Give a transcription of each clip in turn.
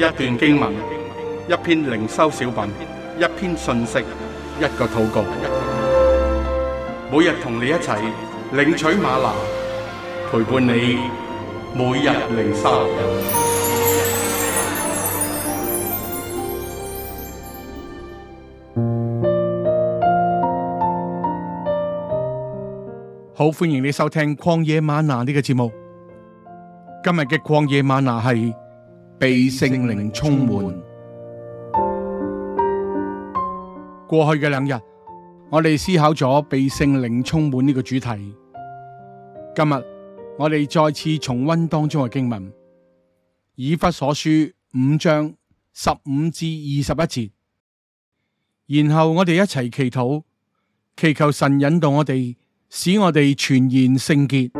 一段經文，一篇靈修小品，一篇信息，一個禱告。每日同你一齊領取嗎哪，陪伴你每日靈修。好，歡迎你收聽《曠野嗎哪》呢、這個節目。今日嘅《曠野嗎哪》係。被聖靈充滿。過去嘅兩日，我哋思考咗被聖靈充滿呢個主題。今日我哋再次重溫當中嘅經文，以弗所書五章十五至二十一節。然後我哋一齊祈禱，祈求神引導我哋，使我哋傳言聖潔。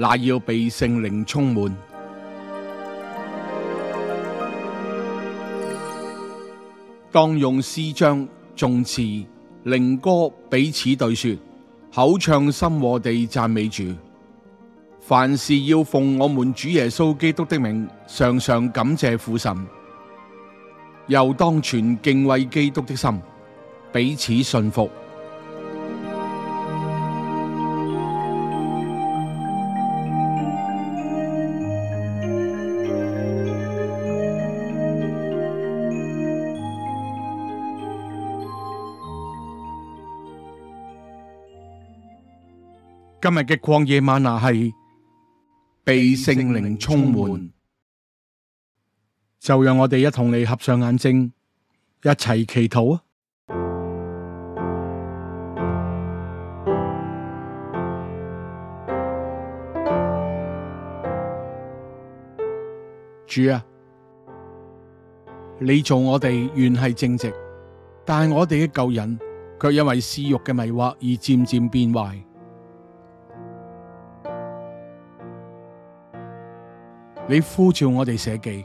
乃要被聖靈充滿，當用詩章、頌詞、靈歌彼此對說，口唱心和地贊美主。凡事要奉我們主耶穌基督的名，常常感謝父神。又當存敬畏基督的心，彼此順服。今日嘅曠野嗎哪係被聖靈充滿，就讓我哋一同嚟合上眼睛，一齊祈禱啊！主啊，你做我哋原係正直，但係我哋嘅舊人卻因為私欲嘅迷惑而漸漸變壞。你呼召我哋捨己，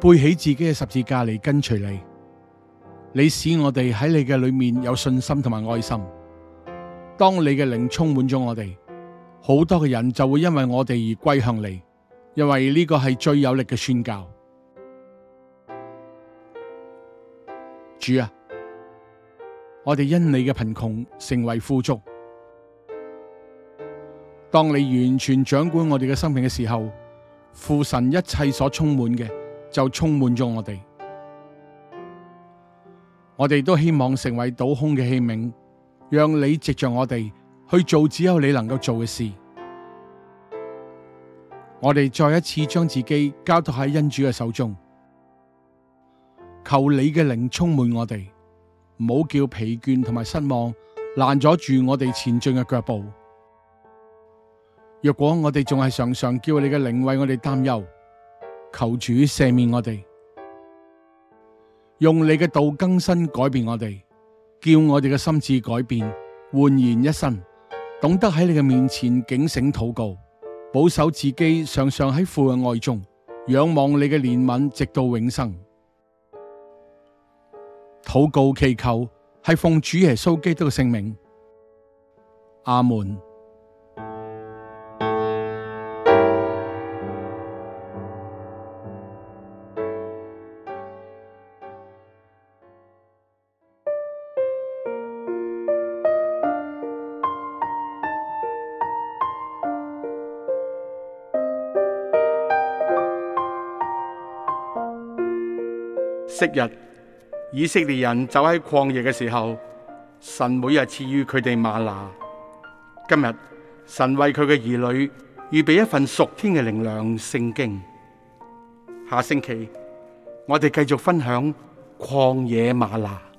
背起自己嘅十字架嚟跟隨你，你使我哋喺你嘅裏面有信心同埋愛心。當你嘅靈充滿咗我哋，好多嘅人就會因為我哋而歸向你，因為呢個係最有力嘅宣教。主啊，我哋因你嘅貧窮成為富足。當你完全掌管我哋嘅生命嘅時候，父神一切所充滿嘅，就充滿咗我哋。我哋都希望成為倒空嘅器皿，讓你藉着我哋去做只有你能夠做嘅事。我哋再一次將自己交託喺恩主嘅手中，求你嘅靈充滿我哋，唔好叫疲倦同埋失望攔阻住我哋前進嘅腳步。若果我哋仲係常常叫你嘅靈為我哋擔憂，求主赦免我哋，用你嘅道更新改變我哋，叫我哋嘅心智改變，煥然一新，懂得喺你嘅面前警醒禱告，保守自己，常常喺父嘅愛中，仰望你嘅憐憫，直到永生。禱告祈求係奉主耶穌基督嘅聖名，阿門。昔日以色列人走喺曠野嘅時候，神每日賜予佢哋嗎哪。今日神為佢嘅兒女預備一份屬天嘅靈糧聖經。下星期我哋繼續分享曠野嗎哪。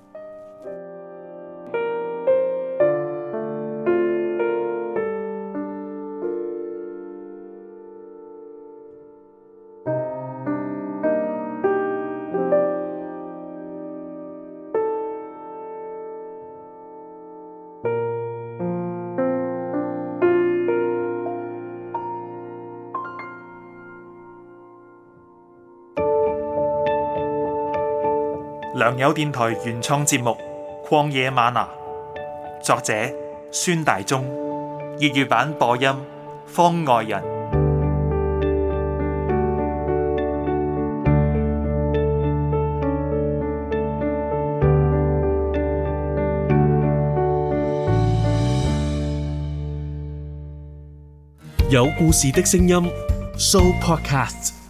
良友電台原創節目《曠野嗎哪》，作者孫大中，粵語版播音方外人，有故事的聲音 show podcast。